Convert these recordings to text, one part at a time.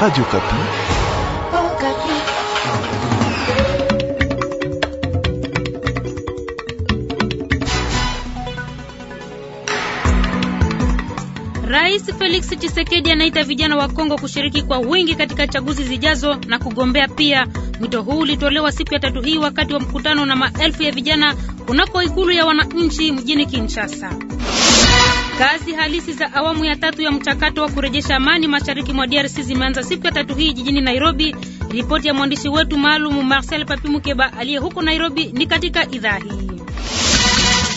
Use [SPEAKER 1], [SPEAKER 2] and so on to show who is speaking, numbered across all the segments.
[SPEAKER 1] Radio Kapi. Oh,
[SPEAKER 2] Kapi. Rais Felix Tshisekedi anaita vijana wa Kongo kushiriki kwa wingi katika chaguzi zijazo na kugombea pia. Mwito huu ulitolewa siku ya tatu hii wakati wa mkutano na maelfu ya vijana kunako ikulu ya wananchi mjini Kinshasa. Kazi halisi za awamu ya tatu ya mchakato wa kurejesha amani mashariki mwa DRC zimeanza siku ya tatu hii jijini Nairobi. Ripoti ya mwandishi wetu maalum Marcel Papimukeba aliye huko Nairobi ni katika idhaa hii.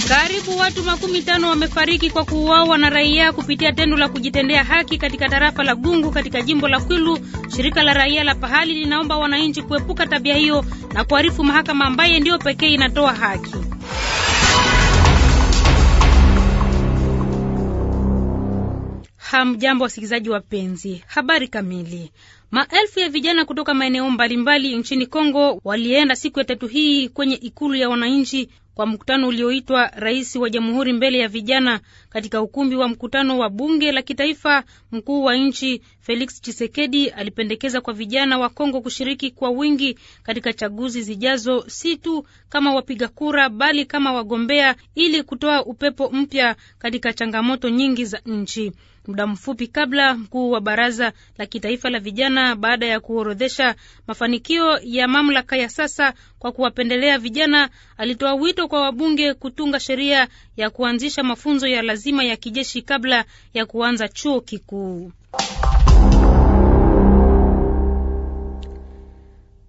[SPEAKER 2] Karibu watu makumi tano wamefariki kwa kuuawa na raia kupitia tendo la kujitendea haki katika tarafa la Gungu katika jimbo la Kwilu. Shirika la raia la pahali linaomba wananchi kuepuka tabia hiyo na kuarifu mahakama ambaye ndiyo pekee inatoa haki. Hamjambo wasikilizaji wapenzi, habari kamili. Maelfu ya vijana kutoka maeneo mbalimbali nchini Kongo walienda siku ya tatu hii kwenye ikulu ya wananchi kwa mkutano ulioitwa Rais wa Jamhuri mbele ya vijana katika ukumbi wa mkutano wa bunge la kitaifa, mkuu wa nchi Felix Tshisekedi alipendekeza kwa vijana wa Kongo kushiriki kwa wingi katika chaguzi zijazo, si tu kama wapiga kura, bali kama wagombea, ili kutoa upepo mpya katika changamoto nyingi za nchi. Muda mfupi kabla, mkuu wa baraza la kitaifa la vijana, baada ya kuorodhesha mafanikio ya mamlaka ya sasa kwa kuwapendelea vijana, alitoa wito kwa wabunge kutunga sheria ya kuanzisha mafunzo ya lazima lazima ya kijeshi kabla ya kuanza chuo kikuu.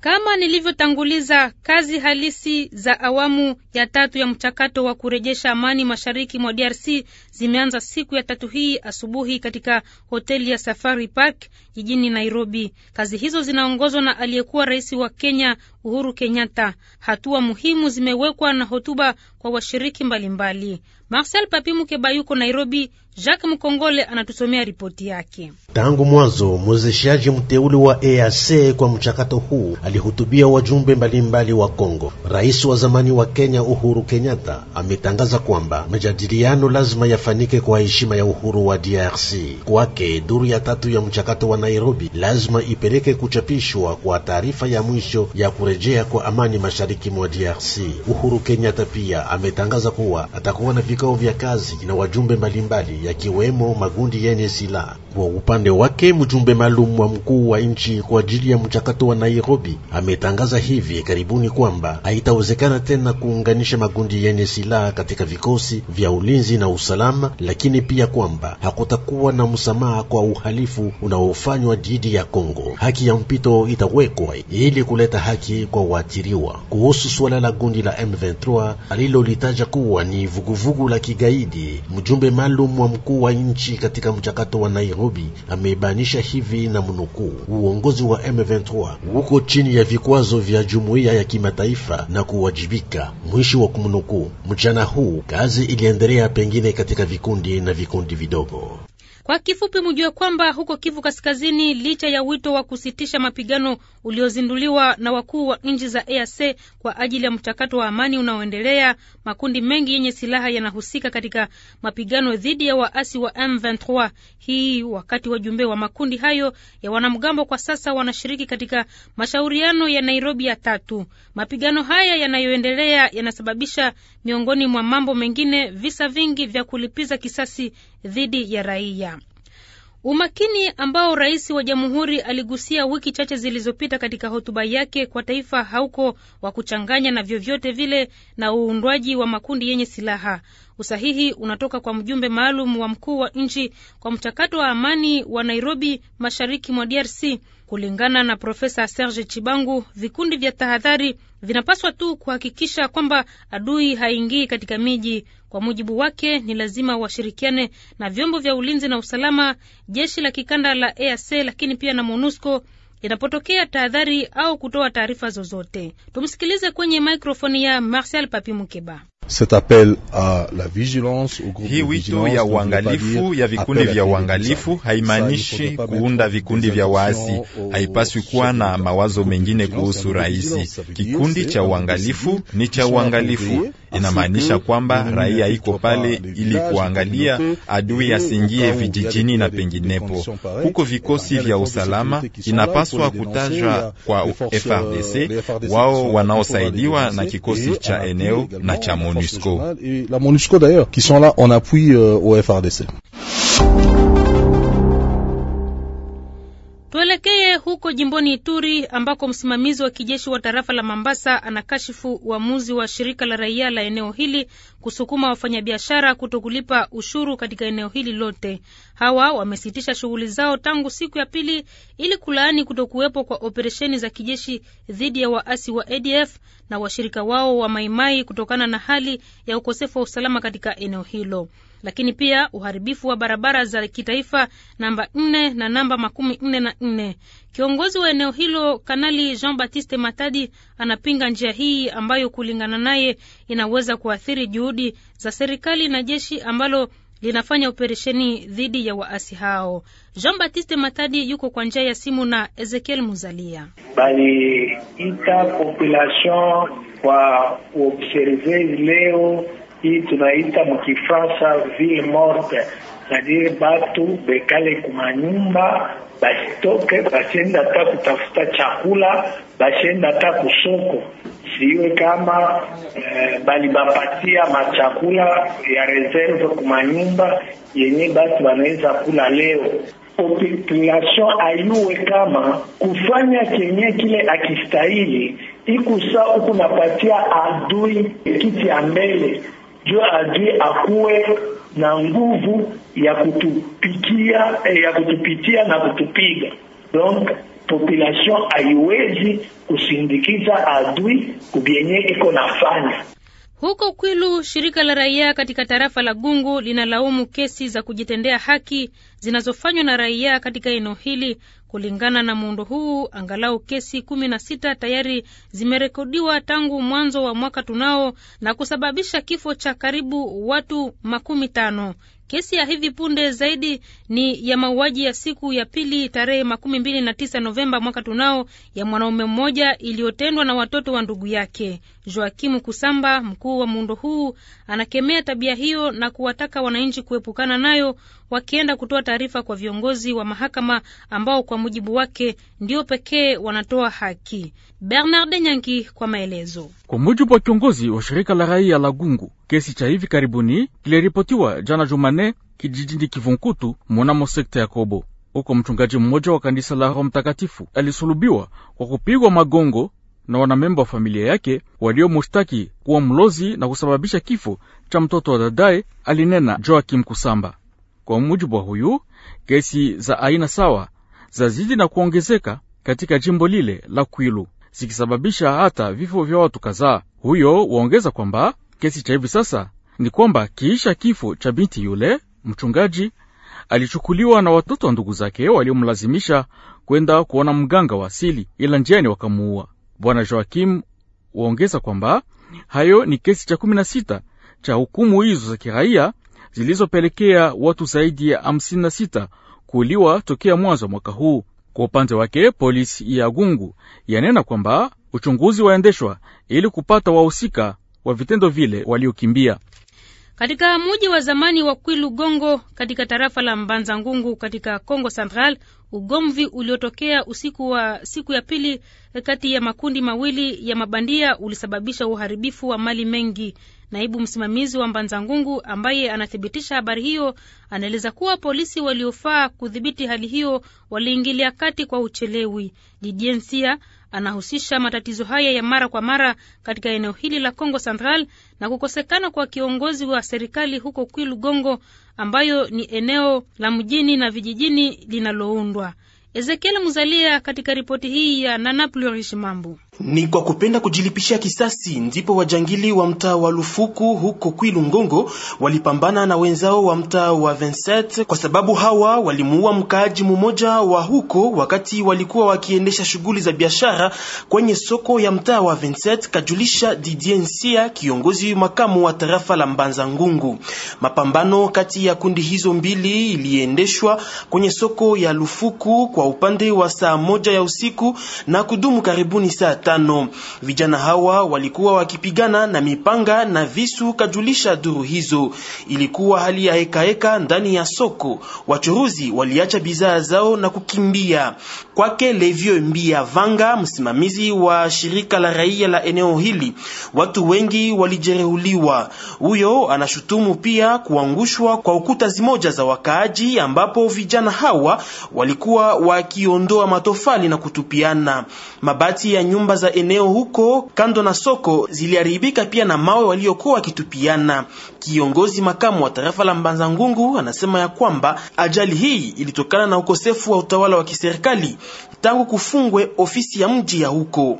[SPEAKER 2] Kama nilivyotanguliza, kazi halisi za awamu ya tatu ya mchakato wa kurejesha amani mashariki mwa DRC zimeanza siku ya tatu hii asubuhi katika hoteli ya Safari Park jijini Nairobi. Kazi hizo zinaongozwa na aliyekuwa rais wa Kenya Uhuru Kenyatta. Hatua muhimu zimewekwa na hotuba kwa washiriki mbalimbali. Marcel Papi Mukeba yuko Nairobi. Jacques Mkongole anatusomea ripoti yake. Tangu
[SPEAKER 1] mwanzo mwezeshaji mteuli wa EAC kwa mchakato huu alihutubia wajumbe mbalimbali wa Kongo. Rais wa zamani wa Kenya Uhuru Kenyatta ametangaza kwamba majadiliano lazima yafanyike kwa heshima ya uhuru wa DRC. Kwake, duru ya tatu ya mchakato wa Nairobi lazima ipeleke kuchapishwa kwa taarifa ya mwisho ya kure kurejea kwa amani mashariki mwa DRC. Uhuru Kenyatta pia ametangaza kuwa atakuwa na vikao vya kazi na wajumbe mbalimbali yakiwemo magundi yenye silaha. Kwa upande wake, mjumbe maalum wa mkuu wa nchi kwa ajili ya mchakato wa Nairobi ametangaza hivi karibuni kwamba haitawezekana tena kuunganisha magundi yenye silaha katika vikosi vya ulinzi na usalama, lakini pia kwamba hakutakuwa na msamaha kwa uhalifu unaofanywa dhidi ya Kongo. Haki ya mpito itawekwa ili kuleta haki kwa waathiriwa kuhusu suala la gundi la M23 alilolitaja kuwa ni vuguvugu la kigaidi. Mjumbe maalum wa mkuu wa nchi katika mchakato wa Nairobi amebainisha hivi na mnukuu, uongozi wa M23 uko chini ya vikwazo vya jumuiya ya kimataifa na kuwajibika, mwisho wa kumnukuu. Mchana huu kazi iliendelea pengine katika vikundi na vikundi vidogo.
[SPEAKER 2] Kwa kifupi, mjue kwamba huko Kivu Kaskazini, licha ya wito wa kusitisha mapigano uliozinduliwa na wakuu wa nchi za EAC kwa ajili ya mchakato wa amani unaoendelea, makundi mengi yenye silaha yanahusika katika mapigano dhidi ya waasi wa M23. Hii wakati wajumbe wa makundi hayo ya wanamgambo kwa sasa wanashiriki katika mashauriano ya Nairobi ya tatu. Mapigano haya yanayoendelea yanasababisha miongoni mwa mambo mengine visa vingi vya kulipiza kisasi dhidi ya raia. Umakini ambao rais wa jamhuri aligusia wiki chache zilizopita katika hotuba yake kwa taifa hauko wa kuchanganya na vyovyote vile na uundwaji wa makundi yenye silaha. Usahihi unatoka kwa mjumbe maalum wa mkuu wa nchi kwa mchakato wa amani wa Nairobi, mashariki mwa DRC Kulingana na Profesa Serge Chibangu, vikundi vya tahadhari vinapaswa tu kuhakikisha kwamba adui haingii katika miji. Kwa mujibu wake, ni lazima washirikiane na vyombo vya ulinzi na usalama, jeshi la kikanda la EAC, lakini pia na MONUSCO inapotokea tahadhari au kutoa taarifa zozote. Tumsikilize kwenye mikrofoni ya Marcel Papi Mukeba.
[SPEAKER 3] Hii wito ya uangalifu ya vikundi vya uangalifu haimaanishi kuunda vikundi vya waasi.
[SPEAKER 4] Haipaswi kuwa na mawazo mengine kuhusu rais. Kikundi cha uangalifu ni cha uangalifu, inamaanisha kwamba raia iko pale ili kuangalia adui asiingie vijijini na penginepo. Huko eh vikosi vya usalama inapaswa kutajwa kwa FRDC, euh, wao wanaosaidiwa na kikosi cha eneo na cha
[SPEAKER 3] Et la MONUSCO d'ailleurs, qui sont là en appui euh, au FRDC.
[SPEAKER 2] huko jimboni Ituri ambako msimamizi wa kijeshi wa tarafa la Mambasa anakashifu uamuzi wa shirika la raia la eneo hili kusukuma wafanyabiashara kutokulipa ushuru katika eneo hili lote. Hawa wamesitisha shughuli zao tangu siku ya pili ili kulaani kutokuwepo kwa operesheni za kijeshi dhidi ya waasi wa ADF na washirika wao wa Maimai kutokana na hali ya ukosefu wa usalama katika eneo hilo lakini pia uharibifu wa barabara za kitaifa namba nne na namba makumi nne na nne. Kiongozi wa eneo hilo Kanali Jean Baptiste Matadi anapinga njia hii ambayo kulingana naye inaweza kuathiri juhudi za serikali na jeshi ambalo linafanya operesheni dhidi ya waasi hao. Jean Baptiste Matadi yuko kwa njia ya simu na Ezekiel Muzalia.
[SPEAKER 1] Baliita population kwa observe leo hii tunaita mkifrasa ville morte sadire batu bekale kumanyumba basitoke basienda hata kutafuta chakula basienda hata kusoko siwe kama eh, balibapatia machakula ya reserve kumanyumba yenye batu wanaweza kula leo population ayuwe kama kufanya kenye kile akistahili ikusa huku napatia adui kiti ya mbele juu adui akuwe na nguvu ya kutupikia eh, ya kutupitia na kutupiga. Donc population haiwezi kusindikiza adui kubyenye iko nafanya
[SPEAKER 2] huko Kwilu. Shirika la raia katika tarafa la Gungu linalaumu kesi za kujitendea haki zinazofanywa na raia katika eneo hili Kulingana na muundo huu, angalau kesi kumi na sita tayari zimerekodiwa tangu mwanzo wa mwaka tunao na kusababisha kifo cha karibu watu makumi tano. Kesi ya hivi punde zaidi ni ya mauaji ya siku ya pili tarehe makumi mbili na tisa Novemba mwaka tunao ya mwanaume mmoja iliyotendwa na watoto wa ndugu yake. Joakimu Kusamba, mkuu wa muundo huu, anakemea tabia hiyo na kuwataka wananchi kuepukana nayo, wakienda kutoa taarifa kwa viongozi wa mahakama ambao kwa mujibu wake ndio pekee wanatoa haki. Bernard Nyanki kwa maelezo.
[SPEAKER 5] Kwa mujibu wa kiongozi wa shirika la raia la Gungu, kesi cha hivi karibuni kiliripotiwa jana Jumane kijijini Kivunkutu mwanamo sekta ya Kobo. Huko mchungaji mmoja wa kanisa la Roho Mtakatifu alisulubiwa kwa kupigwa magongo na wanamemba wa familia yake waliomushtaki kuwa mlozi na kusababisha kifo cha mtoto wa dadaye, alinena Joakim Kusamba. Kwa mujibu wa huyu, kesi za aina sawa zazidi na kuongezeka katika jimbo lile la Kwilu zikisababisha hata vifo vya watu kadhaa. Huyo waongeza kwamba kesi cha hivi sasa ni kwamba kiisha kifo cha binti yule, mchungaji alichukuliwa na watoto wa ndugu zake waliomlazimisha kwenda kuona mganga wa asili, ila njiani wakamuua. Bwana Joakim waongeza kwamba hayo ni kesi cha 16 cha hukumu hizo za kiraia zilizopelekea watu zaidi ya 56 kuuliwa tokea mwanzo wa mwaka huu. Kwa upande wake polisi ya Gungu yanena kwamba uchunguzi waendeshwa ili kupata wahusika wa vitendo vile waliokimbia.
[SPEAKER 2] Katika mji wa zamani wa Kwilu Gongo katika tarafa la Mbanza Ngungu katika congo Central, ugomvi uliotokea usiku wa siku ya pili eh, kati ya makundi mawili ya mabandia ulisababisha uharibifu wa mali mengi. Naibu msimamizi wa Mbanza Ngungu ambaye anathibitisha habari hiyo anaeleza kuwa polisi waliofaa kudhibiti hali hiyo waliingilia kati kwa uchelewi. Jijensia anahusisha matatizo haya ya mara kwa mara katika eneo hili la congo Central na kukosekana kwa kiongozi wa serikali huko Kwilu Gongo ambayo ni eneo la mjini na vijijini linaloundwa. Ezekiel Muzalia katika ripoti hii ya Nana Plurish Mambu.
[SPEAKER 3] Ni kwa kupenda kujilipishia kisasi ndipo wajangili wa mtaa wa Lufuku huko Kwilu Ngongo walipambana na wenzao wa mtaa wa 27 kwa sababu hawa walimuua mkaaji mmoja wa huko wakati walikuwa wakiendesha shughuli za biashara kwenye soko ya mtaa wa 27 kajulisha Didier Nsia, kiongozi makamu wa tarafa la Mbanza Ngungu. Mapambano kati ya kundi hizo mbili iliendeshwa kwenye soko ya Lufuku kwa kwa upande wa saa moja ya usiku na kudumu karibuni saa tano. Vijana hawa walikuwa wakipigana na mipanga na visu, kajulisha duru hizo. Ilikuwa hali ya hekaheka ndani ya soko, wachuruzi waliacha bidhaa zao na kukimbia. Kwake Levio Mbia Vanga, msimamizi wa shirika la raia la eneo hili, watu wengi walijeruhiwa. Huyo anashutumu pia kuangushwa kwa ukuta zimoja za wakaaji, ambapo vijana hawa walikuwa wa wakiondoa matofali na kutupiana. Mabati ya nyumba za eneo huko kando na soko ziliharibika pia na mawe waliokuwa wakitupiana. Kiongozi makamu wa tarafa la Mbanza Ngungu anasema ya kwamba ajali hii ilitokana na ukosefu wa utawala wa kiserikali tangu kufungwe ofisi ya mji ya huko.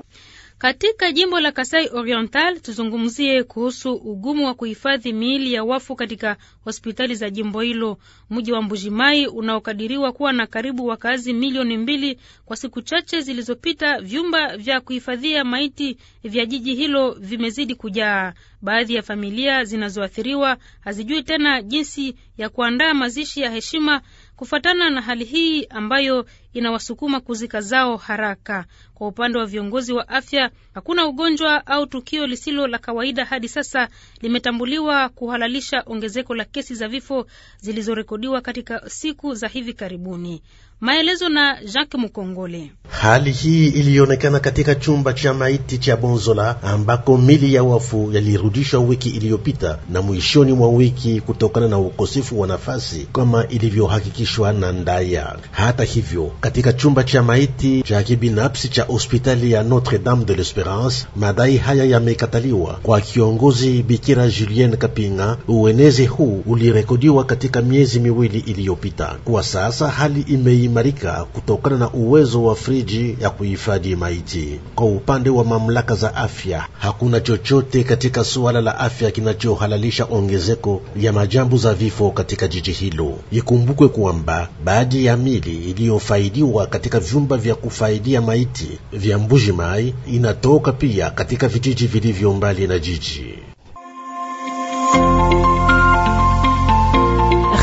[SPEAKER 2] Katika jimbo la Kasai Oriental tuzungumzie kuhusu ugumu wa kuhifadhi miili ya wafu katika hospitali za jimbo hilo. Mji wa Mbujimai unaokadiriwa kuwa na karibu wakazi milioni mbili, kwa siku chache zilizopita vyumba vya kuhifadhia maiti vya jiji hilo vimezidi kujaa. Baadhi ya familia zinazoathiriwa hazijui tena jinsi ya kuandaa mazishi ya heshima kufuatana na hali hii ambayo inawasukuma kuzika zao haraka. Kwa upande wa viongozi wa afya, hakuna ugonjwa au tukio lisilo la kawaida hadi sasa limetambuliwa kuhalalisha ongezeko la kesi za vifo zilizorekodiwa katika siku za hivi karibuni. Maelezo na Jacques Mukongole.
[SPEAKER 1] Hali hii ilionekana katika chumba cha maiti cha Bonzola ambako mili ya wafu yalirudishwa wiki iliyopita na mwishoni mwa wiki kutokana na ukosefu wa nafasi kama ilivyohakikishwa na Ndaya. Hata hivyo katika chumba cha maiti cha kibinafsi cha hospitali ya Notre Dame de l'Esperance. Madai haya yamekataliwa kwa kiongozi Bikira Julien Kapinga. Uenezi huu ulirekodiwa katika miezi miwili iliyopita. Kwa sasa hali imeimarika kutokana na uwezo wa friji ya kuhifadhi maiti. Kwa upande wa mamlaka za afya, hakuna chochote katika suala la afya kinachohalalisha ongezeko ya majambo za vifo katika jiji hilo. Ikumbukwe kwamba baadhi ya mili iliyofaidi inayosaidiwa katika vyumba vya kufaidia maiti vya Mbuji Mai inatoka pia katika vijiji vilivyo mbali na jiji.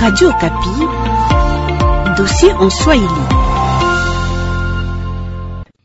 [SPEAKER 2] Radio Okapi, dossier en Swahili.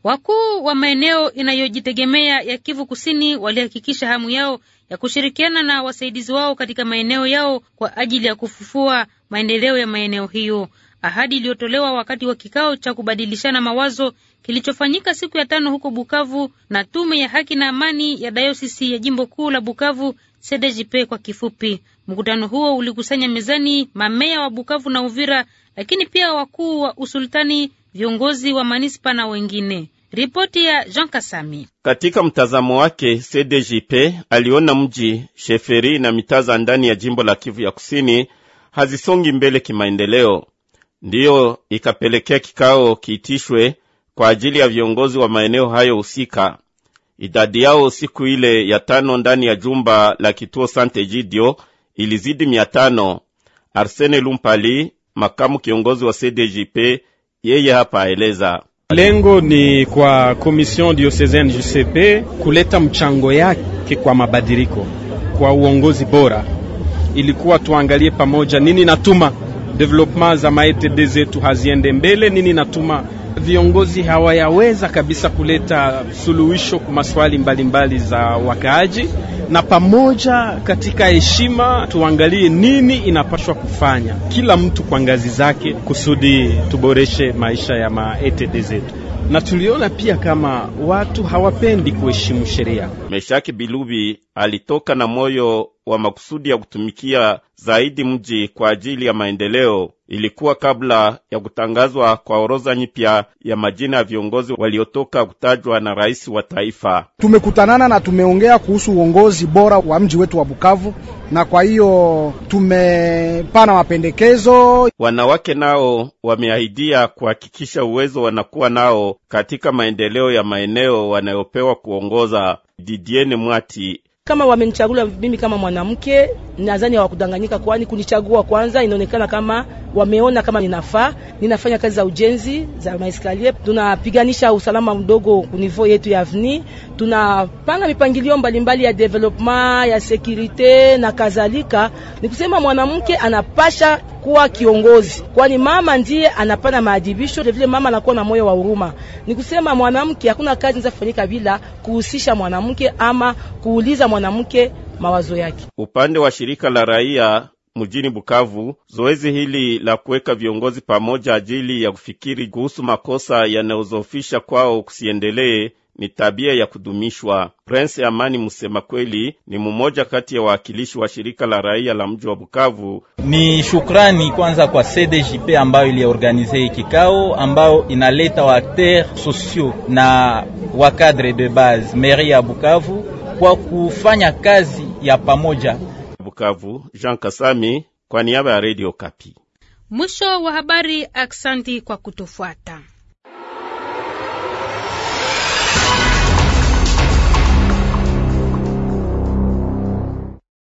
[SPEAKER 2] Wakuu wa maeneo inayojitegemea ya Kivu Kusini walihakikisha hamu yao ya kushirikiana na wasaidizi wao katika maeneo yao kwa ajili ya kufufua maendeleo ya maeneo hiyo ahadi iliyotolewa wakati wa kikao cha kubadilishana mawazo kilichofanyika siku ya tano huko Bukavu na tume ya haki na amani ya dayosisi ya jimbo kuu la Bukavu CDJP kwa kifupi. Mkutano huo ulikusanya mezani mameya wa Bukavu na Uvira, lakini pia wakuu wa usultani, viongozi wa manispa na wengine. Ripoti ya Jean Kasami.
[SPEAKER 4] Katika mtazamo wake, CDJP aliona mji sheferi na mitaa za ndani ya jimbo la Kivu ya Kusini hazisongi mbele kimaendeleo ndiyo ikapelekea kikao kiitishwe kwa ajili ya viongozi wa maeneo hayo husika. Idadi yao siku ile ya tano ndani ya jumba la kituo Sante Jidio ilizidi mia tano. Arsene Lumpali, makamu kiongozi wa CDJP, yeye hapa aeleza lengo ni kwa Komision Diocesaine JCP kuleta mchango yake kwa mabadiliko
[SPEAKER 3] kwa uongozi bora.
[SPEAKER 4] Ilikuwa tuangalie pamoja nini natuma development za maetd zetu haziende mbele. Nini natuma viongozi hawayaweza kabisa kuleta suluhisho kwa maswali mbalimbali za wakaaji, na pamoja katika heshima tuangalie nini inapaswa kufanya kila mtu kwa ngazi zake, kusudi tuboreshe maisha ya maetd zetu na tuliona pia kama watu hawapendi kuheshimu sheria. Meshaki Bilubi alitoka na moyo wa makusudi ya kutumikia zaidi mji kwa ajili ya maendeleo. Ilikuwa kabla ya kutangazwa kwa orodha nyipya ya majina ya viongozi waliotoka kutajwa na rais wa taifa.
[SPEAKER 5] Tumekutanana
[SPEAKER 3] na tumeongea kuhusu uongozi bora wa mji wetu wa Bukavu, na kwa hiyo tumepana mapendekezo.
[SPEAKER 4] Wanawake nao wameahidia kuhakikisha uwezo wanakuwa nao katika maendeleo ya maeneo wanayopewa kuongoza. Didiene Mwati
[SPEAKER 2] kama wamenichagua mimi kama mwanamke, nadhani hawakudanganyika, kwani kunichagua kwanza, inaonekana kama wameona kama ninafaa. Ninafanya kazi za ujenzi za maeskalier, tunapiganisha usalama mdogo kunivo yetu ya avni, tunapanga mipangilio mbalimbali ya development ya sekurite na kadhalika. Ni kusema mwanamke anapasha kuwa kiongozi, kwani mama ndiye anapana maadibisho. vilevile mama anakuwa na moyo wa huruma. Ni kusema mwanamke, hakuna kazi inaweza kufanyika bila kuhusisha mwanamke ama kuuliza mwanamke mwanamke mawazo yake.
[SPEAKER 4] Upande wa shirika la raia mjini Bukavu, zoezi hili la kuweka viongozi pamoja ajili ya kufikiri kuhusu makosa yanayozofisha kwao kusiendelee ni tabia ya kudumishwa. Prince Amani Musema kweli ni mmoja kati ya wawakilishi wa shirika la raia la mji wa Bukavu. Ni shukrani kwanza kwa CDJP ambayo iliorganize hii kikao ambayo inaleta waakteur sociaux na wacadre de base meri ya Bukavu kwa kufanya kazi ya pamoja. Bukavu, Jean Kasami kwa niaba ya Radio Kapi.
[SPEAKER 2] Mwisho wa habari. Aksanti kwa kutufuata.